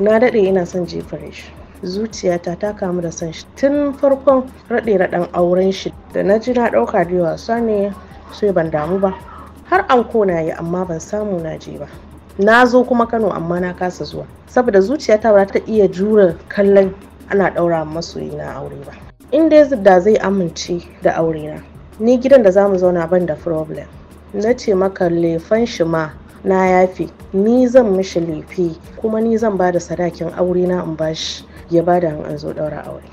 na daɗe ina son jefare shi zuciyata ta kamu da son shi tun farkon raɗe raɗen auren shi da na ji na ɗauka da wasa ne sai ban damu ba har anko na yi amma ban samu na je ba na zo kuma kano amma na kasa zuwa saboda zuciyata ba ta iya jure kallon ana ɗaura masoyi na aure ba in dai da zai amince da aure na ni gidan da zamu zauna ban da problem na ce maka lefan shi ma na yafe ni zan mishi lefe kuma ni zan ba da sadakin aure na in bashi ya ba da an zo daura aure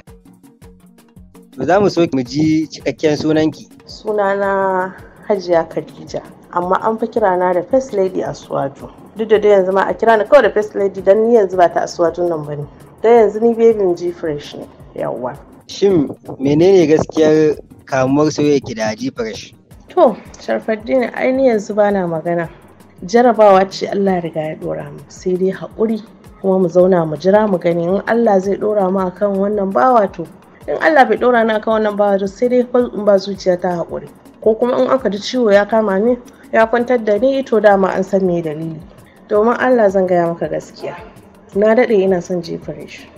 za mu so mu ji cikakken sunanki sunana hajiya khadija amma an fi na da first lady aswaju duk da yanzu ma a kira ni kawai da first lady dan ni yanzu ba ta aswajun nan bane da yanzu ni baby ji fresh ne yawa shin menene gaskiyar kamuwar soyayya ki da ji fresh to sharfaddin ai ni yanzu bana magana jarabawa ce Allah ya riga ya dora mu sai dai haƙuri kuma mu zauna mu jira mu gani in Allah zai dora mu akan wannan bawa to in Allah bai dora ni akan wannan bawa to sai dai in ba zuciya ta haƙuri ko kuma in aka ji ciwo ya kama ni ya kwantar da ni to dama an san me dalili domin Allah zan gaya maka gaskiya na daɗe ina son jefare shi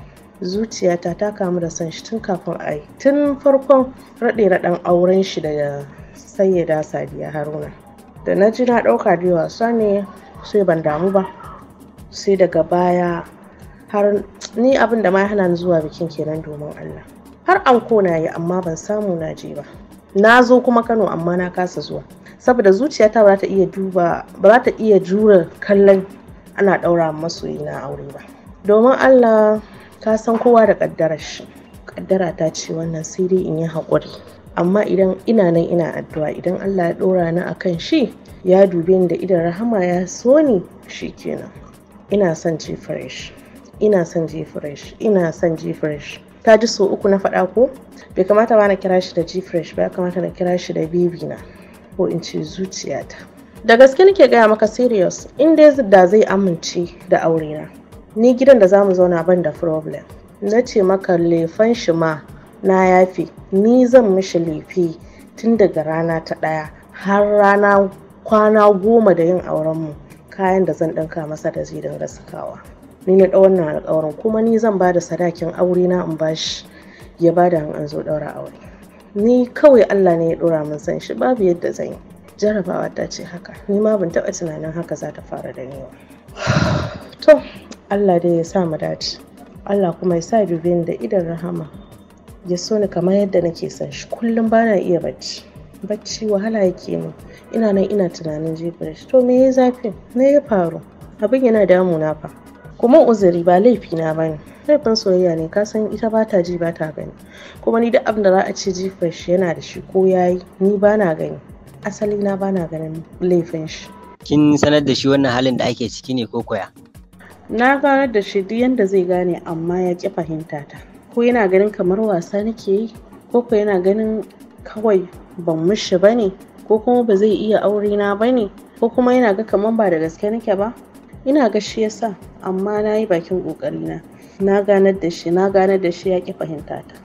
zuciyata ta kamu da son shi tun kafin a tun farkon raɗe raɗen auren shi daga sayyada sadiya haruna da na ji na ɗauka da wasa ne sai ban damu ba sai daga baya har ni abin da ma hana zuwa bikin kenan domin Allah har anko na yi amma ban samu na je ba na zo kuma Kano amma na kasa zuwa saboda zuciyata ba ta iya duba ba za ta iya jura kallon ana ɗaura masoyi na aure ba domin Allah ka san kowa da ƙaddarar shi ƙaddara ta ce wannan sai dai in yi haƙuri amma idan ina nan ina addu'a idan Allah ya ɗora ni akan shi ya dube ni da idan rahama ya so ni kenan. ina son ji fresh ina son ji fresh ina son ji fresh ta ji so uku na faɗa ko bai kamata ba na kira shi da ji fresh ba ya kamata na kira shi da baby na ko in ce zuciyata da gaske nake gaya maka serious in dai da zai amince da aurena ni gidan da zamu zauna ban da problem na ce maka lefan shi ma na yafe ni zan mishi laifi tun daga rana ta ɗaya har rana kwana goma da yin aurenmu kayan da zan ɗinka masa da zai dinga sakawa ni na ɗau wannan alƙawarin kuma ni zan ba da sadakin aure na in bashi ya ba da an zo ɗaura aure ni kawai Allah ne ya ɗora min san shi babu yadda zan yi jarabawa ta ce haka ni ma ban taɓa tunanin haka za ta fara da ni to Allah dai ya sa mu dace Allah kuma ya sa dube ni da idan rahama ya so ni kamar yadda nake son shi kullum ba na iya bacci bacci wahala yake min ina nan ina tunanin jefa shi to me ya zafi me ya faru abin yana damuna fa kuma uzuri ba laifi na bane laifin soyayya ne ka san ita ba ta ji ba ta gani kuma ni duk abin da za a ce jefa shi yana da shi ko yayi ni ba na gani asali na ba na ganin laifin shi kin sanar da shi wannan halin da ake ciki ne ko koya na sanar da shi duk yanda zai gane amma ya ki fahimta ta ko yana ganin kamar wasa nake yi ko ko yana ganin kawai ban mushi ba ne ko kuma ba zai iya aure na ba ne ko kuma yana ga kamar ba da gaske nake ba ina ga shi yasa amma na yi bakin ƙoƙarina na ganar da shi na ganar da shi ya ƙi fahimta ta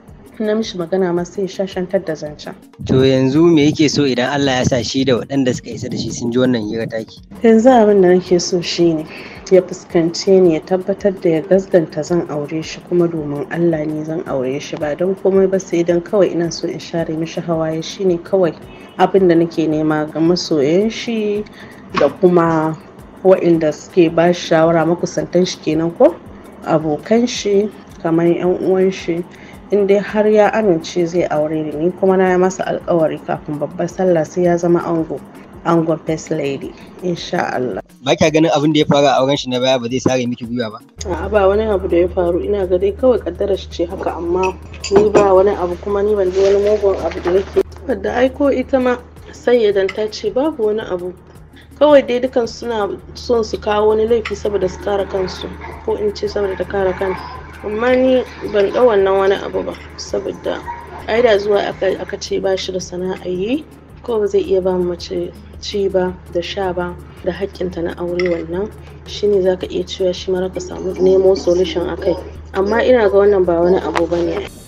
na mishi magana ma sai ya shashantar da zancen. To yanzu me yake so idan Allah ya sa shi da waɗanda suka isa da shi sun ji wannan hira taki? Yanzu abin da nake so shi ne, ya fuskance ni ya tabbatar da ya gasganta zan aure shi kuma domin Allah ne zan aure shi ba don komai ba sai don kawai ina so in share mishi hawaye Shi ne kawai abin da nake nema ga masoyan shi da kuma wa'inda suke ba shawara makusantan shi kenan ko abokan shi kamar yan uwan shi in dai har ya amince zai aure ni kuma na masa alkawari kafin babbar sallah sai ya zama ango angon first lady insha Allah ba kya ganin abin da ya faru a auren shi na baya ba zai sare miki gwiwa ba a'a ba wani abu da ya faru ina ga dai kawai kaddara shi ce haka amma ni ba wani abu kuma ni ban ji wani mugun abu da yake da aiko ita ma sayyadan ta ce babu wani abu kawai dai dukan suna son su kawo wani laifi saboda su kara kansu ko in ce saboda ta kara kanta amma ni ban ɗau wannan wani abu ba saboda ai da zuwa aka ce ba shi da sana'a yi ko ba zai iya ba mu mace ci ba da sha ba da haƙƙinta na aure wannan shine zaka iya cewa shi mara ka samu nemo solution akai amma ina ga wannan ba wani abu bane